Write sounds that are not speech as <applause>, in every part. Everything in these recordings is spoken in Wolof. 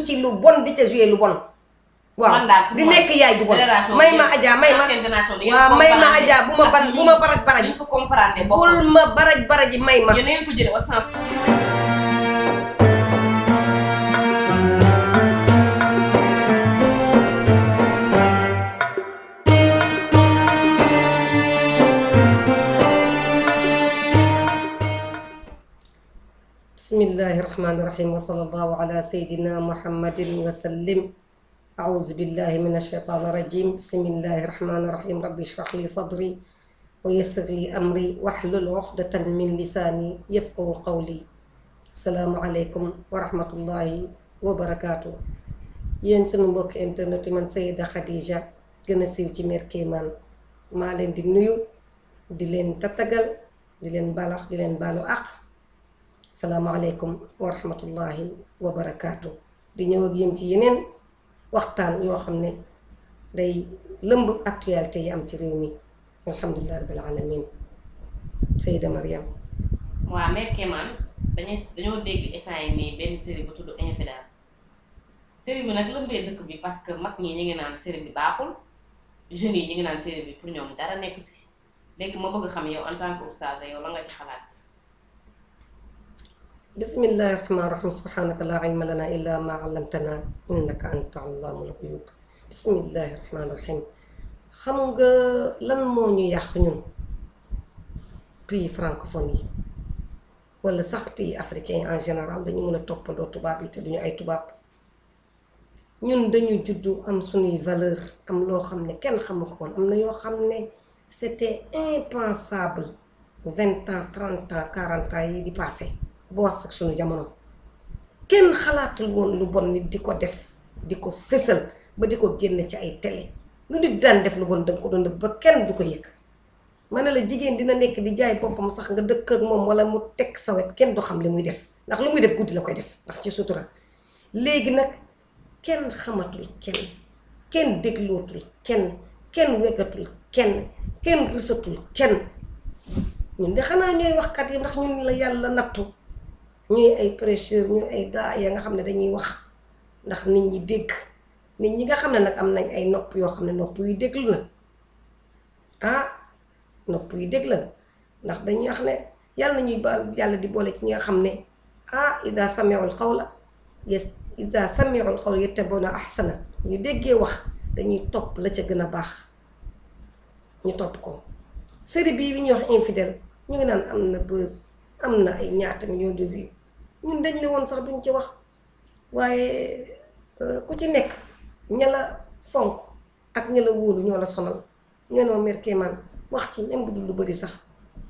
dugg ci lu bon di ca joué lu bon. di nekk yaay ju bon may ma Adja may ma waaw may ma Adja bu ma ban bu ma baraj baraji bul ma baraj baraji may ma. بسم الله الرحمن الرحيم وصلى الله على سيدنا محمد وسلم أعوذ بالله من الشيطان الرجيم بسم الله الرحمن الرحيم رب اشرح لي صدري ويسر لي أمري واحلل عقدة من لساني يفقه قولي السلام عليكم ورحمة الله وبركاته yéen sunu انترنت من سيدة خديجة جنسي وتمير كيمان مالين دي نيو دي لين تتقل دي لين بالاخ دي لين بالو أخ السلام عليكم ورحمة الله وبركاته دينيو بيم تيينين وقتان يو خمني دي لمب أكتوال تي أم تريمي الحمد لله رب العالمين سيدة مريم مؤامر كمان دينيو ديك إساني بين سيري بطو دو إنفلا سيري بنا لمبي دك بي بس كمك ني نيجي نان سيري بي باقول جني نيجي نان سيري بي بر دارا نيكوسي لكن ما بغي خمي أنتان كأستاذ يو لنغا بسم الله الرحمن الرحيم سبحانك لا علم لنا إلا ما علمتنا إنك أنت علام الغيوب بسم الله الرحمن الرحيم خمغ لن مونيو يخنون بي فرانكوفوني ولا صح بي أفريكي عن جنرال دي نمونا توب دو توباب يتدوني أي توباب نون دنيو جدو أم سوني فالر أم لو خمني كن خمكون أم نيو خمني c'était impensable 20 ans 30 ans 40 ans y dépassaient boo ak suñu jamono kenn xalaatul woon lu bon nit di ko def di ko fësal ba di ko génn ci ay télé lu nit daan def lu bon danga ko doon def ba kenn du ko yëg ma ne la jigéen dina nekk di jaay boppam sax nga dëkk ak moom wala mu teg sa wet kenn du xam li muy def ndax lu muy def guddi la koy def ndax ci sutura léegi nag kenn xamatul kenn kenn déglootul kenn kenn weggatul kenn kenn risatul kenn ñun de xanaa ñooy waxkat yi ndax ñun la yàlla nattu ñuy ay prêcheur ñun ay daa ya nga xam ne dañuy wax ndax nit ñi dégg nit ñi nga xam ne nag am nañ ay nopp yoo xam ne nopp yu déglu na ah, nopp yu déglu ndax dañuy wax ne yàlla na ñuy baal yàlla di boole ci ñi nga xam ne xaw ah, la ida samiul qawla yes ida samiul qawla yattabuna ahsana ñu déggee wax dañuy topp la ca gën a baax ñu topp ko série bii bi ñuy wax infidèle ñu ngi naan am na bës am na ay ñaata millions de vues ñun dañ ne woon sax duñ ci wax waaye euh, ku ci nekk ña la fonk ak ña la wóolu ñoo la sonal ñoo ne ma mère Kéemaan wax ci même bu dul lu bari sax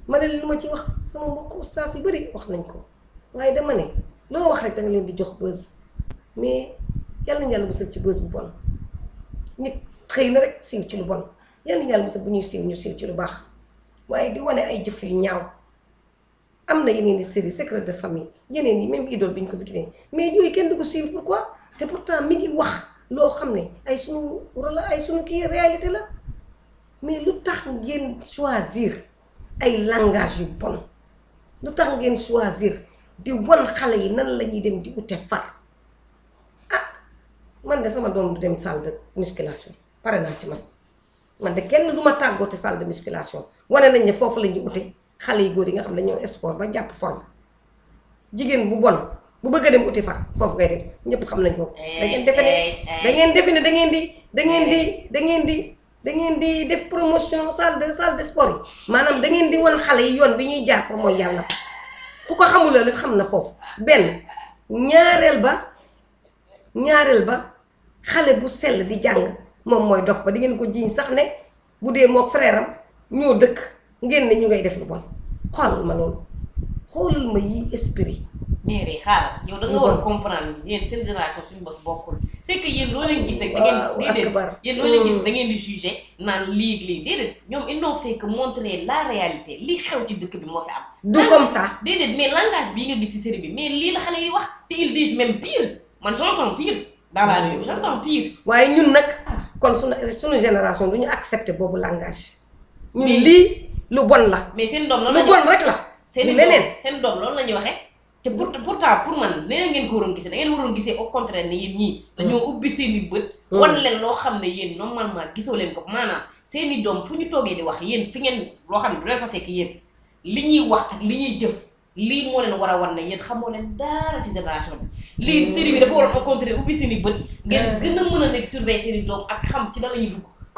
ma ne lu ma ci wax sama mbokk saa si bëri wax nañ ko waaye dama ne loo wax rek da leen di jox bës mais yàlla na bu musal ci bës bu bon nit xëy na rek siiw ci lu bon yàlla na yàlla musal bu ñuy siiw ñu siiw ci lu baax waaye di wane ay jëf yu ñaaw. am na yeneen i série secret de famille yeneen yi même idole bi ñu ko fi créé mais yooyu kenn du ko suivre pourquoi te pourtant mi ngi wax loo xam ne ay sunu wala ay sunu kii réalité la mais lu tax ngeen choisir ay langage yu bon lu tax ngeen choisir di wan xale yi nan lañuy ñuy dem di ute far ah man nga sama doom du dem salle de musculation pare naa ci man man de kenn lu ma tàggoo te salle de musculation wane nañ ne foofu la ñuy ute xale yu góor yi nga xam ne dañoo sport ba jàpp forme jigéen bu bon bu bëgg a dem uti fan foofu ngay dem ñëpp xam nañ ko. Eh, da ngeen defe ne eh, eh. da ngeen defe ne da ngeen di da ngeen di da di da ngeen di def promotion salle de salle de sport yi maanaam da ngeen di wan xale yi yoon bi ñuy jaar pour mooy yàlla ku ko xamuloo li xam na foofu benn ñaareel ba ñaareel ba xale bu sell di jàng moom mooy dof ba di ngeen ko jiiñ sax ne bu dee moo frère am ñoo dëkk. ngeen ne ñu ngay def lu bon xoolal ma loolu xoolal ma yi esprit. mère yi xaaral yow da nga war a comprendre yéen seen génération suñu bos bokkul c'est que yéen loo leen gis rek. da ngeen déedéet yéen loo leen gis hmm. da ngeen di jugé naan lii lii déedéet ñoom ils n'ont fait que montrer la réalité li xew ci dëkk bi moo fi am. du comme ça déedéet mais langage bii nga gis ci série bi mais lii la xale yi wax te ils disent même pire man j'entends pire. dans la rue j'entends pire. waaye ñun nag ah. kon suñu suñu génération duñu ñu accepter boobu langage. ñun lii. lu bon la. mais seen doom loolu la ñu lu bon rek la. seen seen doom loolu la ñuy waxee. te pour pourtant pour man leneen ngeen ko waroon gisee da ngeen waroon gisee au contraire ne yéen ñii. Mm. dañoo ubbi mm. leen loo xam ne yéen normalement gisoo leen ko maanaam seen i doom fu ñu toogee di wax yéen fi ngeen loo xam ne du leen fa fekk yéen li ñuy wax ak li ñuy jëf lii moo leen war a wan ne yéen xamoo leen dara ci génération bi. lii mm. série bi dafa waroon au contraire ubbi seen bët. ngeen gën a mën a nekk surveiller seen doom ak xam ci lan la ñuy dugg.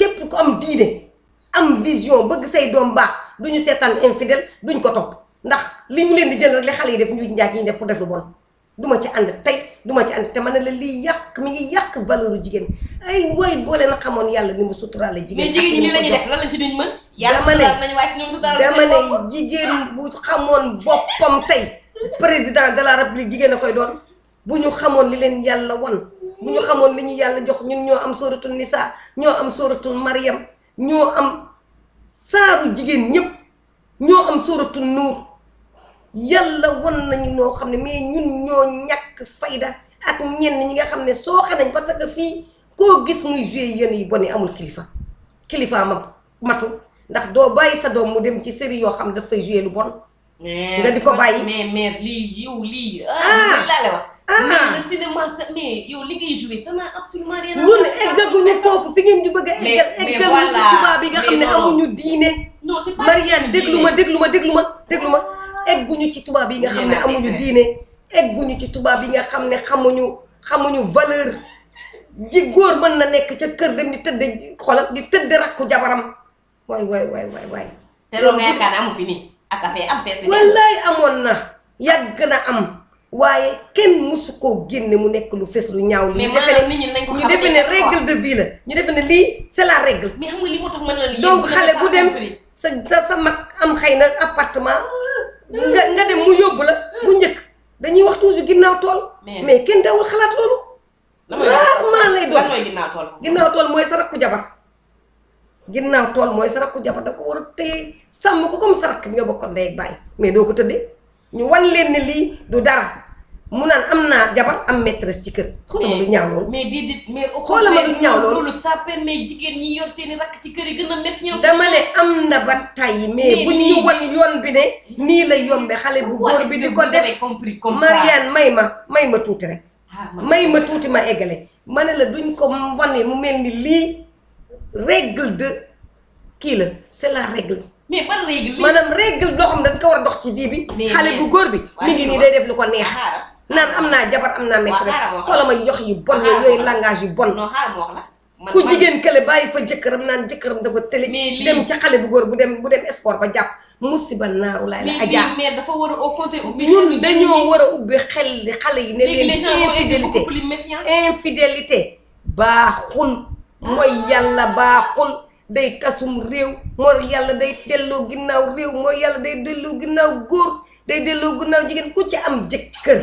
képp ko am diine am vision bëgg say doom baax du ñu seetaan infidèle duñ ko topp ndax li ñu leen di jël rek li xale yi def njuuj njaaj yi def pour def lu bon duma ci ànd tey duma ci ànd te man ne la lii yàq mi ngi yàq valeur jigéen ay woy boo na xamoon yàlla ni mu suturaale jigéen mais jigéen ñi li lañuy def lan lañ ci duñ mën yàlla suturaal nañu waaye si ñoom suturaal dama ne jigéen bu xamoon boppam tey président de la république jigéen a koy doon bu ñu xamoon li leen yàlla wan bu ñu xamoon li ñu yàlla jox ñun ñoo am sóoratul nisa ñoo am sóoratul mariam ñoo am saaru jigéen ñëpp ñoo am sóoratul nuur yàlla won nañu noo xam ne mais ñun ñoo ñàkk fayda ak ñenn ñi nga xam ne soo nañ parce que fii koo gis muy joué yéen yi yi amul kilifa kilifa ma matu ndax doo bàyyi sa doom mu dem ci série yoo xam ne daf fay joué lu bon nga di ko bàyyi mais ah! Ah, mais ah! le cinéma mais yo li ngay joué ça n'a absolument rien à voir. mais voilà nga non c'est pas moi ci nga amuñu ci nga xamuñu xamuñu valeur ji di di rakku jabaram de nga am am. waaye kenn mësu koo génne mu nekk lu fes lu ñaaw li ñu defe ne ñu defe ne règle de vie la ñu defe ne lii c'est la règle mais xam mën na la donc xale bu dem sa sa sa mag am xëy na appartement nga nga dem mu yóbbu la ku njëkk dañuy wax toujours ginnaaw tool mais kenn dawul xalaat loolu rarement lay doon ginnaaw tool mooy sa rakku jabar ginnaaw tool mooy sa rakku jabar da ko war a téye sàmm ko comme sa rakk bi nga bokkoon ndey bàyyi mais doo ko tëddee ñu wan leen ne lii du dara mu naan am naa jabar am maîtresse ci kër. xoolama du ñaaw loolu mais déedéet mais. xoolama du ñaaw loolu loolu ça jigéen ñi yor seeni rakk ci kër yi gën a def ñoom. dama ne am na ba tey mais bu ñu wan yoon bi ne. nii la yombe xale bu góor bi di ko def Marianne may ma may ma tuuti rek. Ah, may ma tuuti ma eggale. ma ne la duñ ko wane mu mel ni lii règle de kii la c'est la règle. mais ban règle li maanaam règle loo xam ko war a dox ci vie bi. xale bu góor bi mi ngi nii day def lu ko neex. naan am naa jabar am naa maîtresse xoola ma yox yu bon yooyu langage yu bon. non xaaral ma wax la. man ku jigéen kële bàyyi fa jëkkëram naan jëkkëram dafa tële. dem ci xale bu góor bu dem bu dem sport ba jàpp. musiba naaru laay la ajaa mais dafa war a au contraire ubbi ñun dañoo war a ubbi xel li xale yi. ne leen infidélité infidélité baaxul mooy ah. yàlla baaxul day tasum réew mooy yàlla day delloo ginnaaw réew mooy yàlla day delloo ginnaaw góor day delloo ginnaaw jigéen ku ci am jëkkër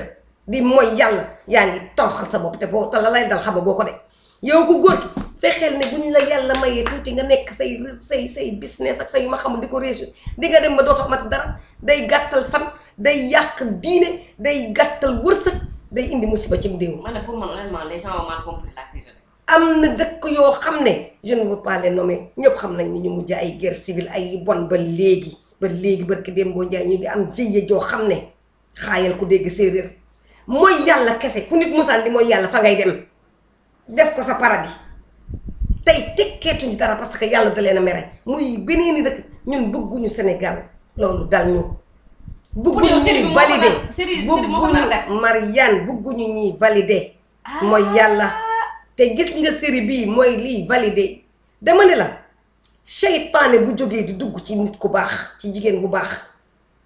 di mooy yàlla yaa ngi toroxal sa bopp te boo te la lay dal xama boo ko de yow ko góor fexeel ne bu ñu la yàlla mayee tuuti nga nekk say say say business ak say yu ma xamul di ko réussir di nga dem ba dootoo amati dara day gàttal fan day yàq diine day gàttal wërsëg day indi musiba ci mu déew. man pour man honnêtement les gens ont mal compris am na dëkk yoo xam ne je ne veux pas ñëpp xam nañ ni ñu mujj ay guerre civile ay bon ba léegi ba léegi barki Dembo Ndiaye ñu ngi am jëye joo xam ne xaayal ku dégg séeréer mooy yàlla kese fu nit musaan di mooy yàlla fa ngay dem def ko sa paradis tey tekkeetuñu dara parce que yàlla da leen a mere muy beneen dëkk ñun bëgguñu Sénégal loolu dal ñu. bëgguñu ñuy valider bëgguñu Marianne bëgguñu ñuy valider mooy yàlla. te gis nga série bii mooy lii validé dama ne la seytaane bu jógee di dugg ci nit ku baax ci jigéen bu baax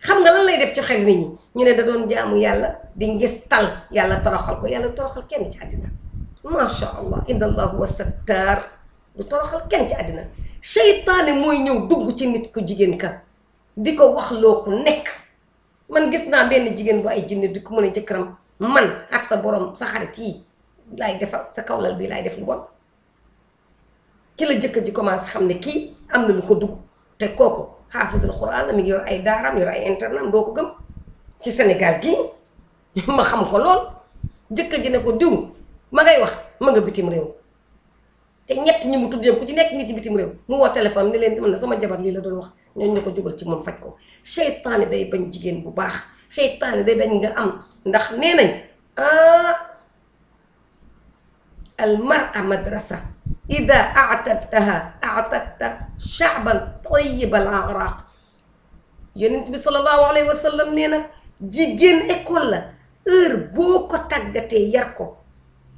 xam nga lan lay def ci xel nit ñi ñu ne da doon jaamu yàlla di ngis tal yàlla toroxal ko yàlla toroxal kenn ci àddina macha allah inna allahu wa sattar kenn ci àddina seytaane mooy ñëw dugg ci nit ku jigéen ka di ko wax loo ku nekk man gis naa benn jigéen bu ay jinne di ko mën a jëkkëram man ak sa borom sa xarit yi laay defal sa kawlal bii laay def lu bon ci la jëkkër ji commencé xam ne kii am na lu ko dugg te kooku xaafisul xuraan la mi ngi yor ay daaraam yor ay internam doo ko gëm ci Sénégal gii <laughs> ma xam ko lool jëkkër ji ne ko diw ma ngay wax ma bitim réew te ñett ñi mu ku ci nekk ngi ci bitim réew mu woo téléphone ne leen mën na sama jabar lii la doon wax ñooñ ne ko jógal ci moom faj ko seytaane day bañ jigéen bu baax seytaane day bañ nga am ndax nee nañ ah, المرأة مدرسة ida أعتدتها أعتدت شعبا طيب الأغراق yonent bi sallallahu alayhi wa sallam nee na jigéen école la heure boo ko tàggatee yar ko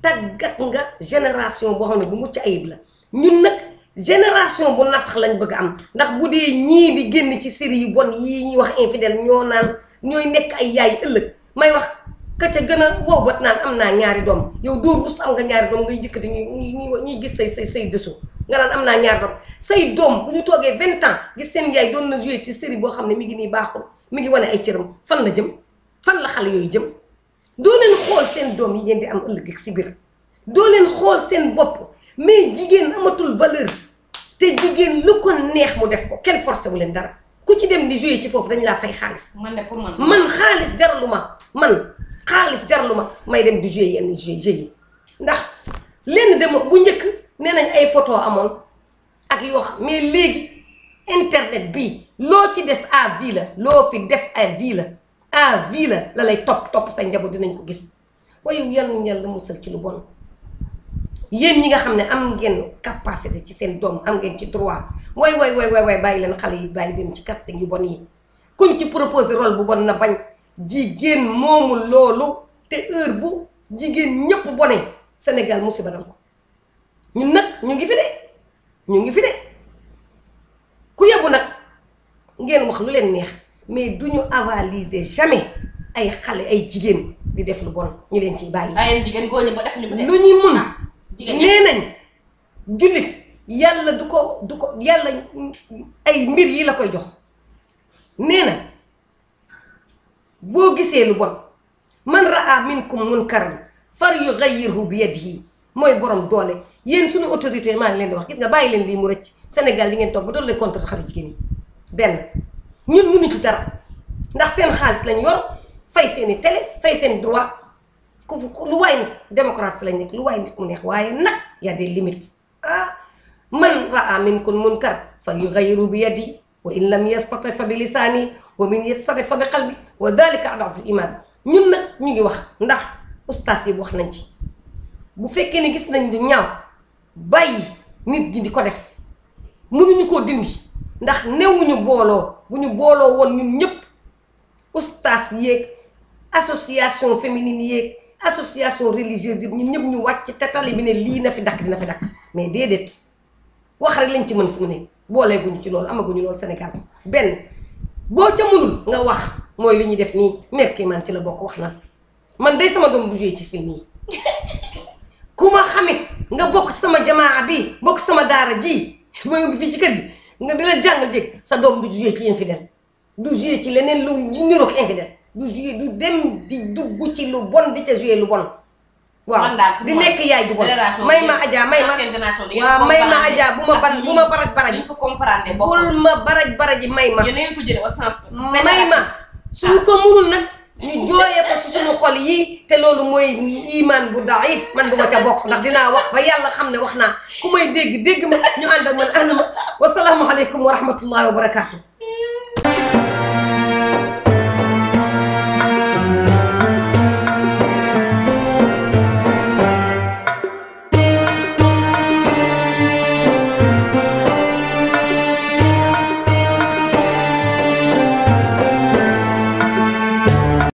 tàggat nga génération boo xam ne bu mucc ayib la ñun nag génération bu nasax lañ bëgg am ndax bu dee ñii di génn ci série yu bon yii ñuy wax infidel ñoo naan ñooy nekk ay yaay ëllëg may wax. ka ca gën a wow bat naan am naa ñaari doom yow doo rus am nga ñaari doom ngay jëkkati ñuy ñuy gis say say say dësu nga naan am naa ñaari doom say doom bu ñu toogee vingt ans gis seen yaay doon na joué ci série boo xam ne mi ngi nii baaxul mi ngi wane ay cëram fan la jëm fan la xale yooyu jëm doo leen xool seen doom yi ngeen di am ëllëg si biir doo leen xool seen bopp mais jigéen amatul valeur te jigéen lu ko neex mu def ko kenn forcé wu leen dara ku ci dem di jouer ci foofu dañ laa fay xaalis. man de pour man man xaalis jarlu ma man xaalis jarlu ma may dem di jouer yenn jeux yi ndax lenn dama bu njëkk nee nañ ay photo amoon ak yoo xam mais léegi internet bi loo ci des à vie loo fi def à vie la à vie la lay topp topp sa njaboot dinañ ko gis wayu yàlla na yàlla musal ci lu bon. yéen ñi nga xam ne am ngeen capacité ci seen doom am ngeen ci droit way way way bàyyi leen xale yi bàyyi dem ci casting yu bon yi kuñ ci proposé role bu bon na bañ jigéen moomul loolu te heure bu jigéen ñëpp bone Sénégal musiba dal ko ñun nag ñu ngi fi de ñu ngi fi de ku yebu nag ngeen wax lu leen neex mais du ñu avaliser jamais ay xale ay jigéen di def lu bon ñu leen ciy bàyyi. ay jigéen góor ñi lu ñu mun. Ah. nee nañ jullit yàlla du ko du ko yàlla ay mbir yii la koy jox nee na boo gisee lu bon man min raa minkum munkaran far yughayyirhu bi yadihi mooy borom doole yéen suñu autorité maa ngi leen wax gis nga bàyyi leen lii mu rëcc Sénégal di ngeen toog ba doon leen contre xarit jigéen yi benn ñun mënu ci dara ndax seen xaalis lañ yor fay seen i fay seen droit démocratie lañ y a des limites ah man raa minkum munkar fa bi yadi wa in lam yastati fa bi lisaani wa min yastati fa bi qalbi wa dalika adafu l iman ñun nag ñu ngi wax ndax ustaas yi wax nañ ci bu fekkee ne gis nañ du ñaaw bàyyi nit di ko def mënuñu koo dindi ndax newuñu booloo bu ñu booloo ñun ñëpp ustaas yéeg association féminine yéeg association religieuse yi ñun ñëpp ñu wàcc te tali bi ne lii na fi dakk dina fi dakk mais déedéet wax rek lañ ci mën fu mu ne booleeguñu ci loolu amaguñu loolu Sénégal benn boo ca mënul nga wax mooy li ñuy def nii mère man ci la bokk wax na man day sama doom bu joué ci film <laughs> ku ma xamit nga bokk sama jamaa bi bokk sama daara ji su <laughs> ma yóbbu ci kër gi nga di la jàngal jéeg sa doom du joué ci infidèle du joué ci leneen lu ñu niroog infidèle du joué du dem di dugg ci lu bon di ca joué lu bon. waaw di nekk yaay ju bon may ma ajaa may ma waaw may ma Adja bu ma ban bu ma baraj baraji bul ma baraj baraji may ma may ma suñ ko munul nag ñu jooyee ko ci suñu xol yi te loolu mooy iman bu daif man du ma ca bokk ndax dinaa wax ba yàlla xam ne wax naa ku may dégg dégg ma ñu ànd ak man ànd ma wasalaamualeykum wa rahmatullahi wa barakaatu.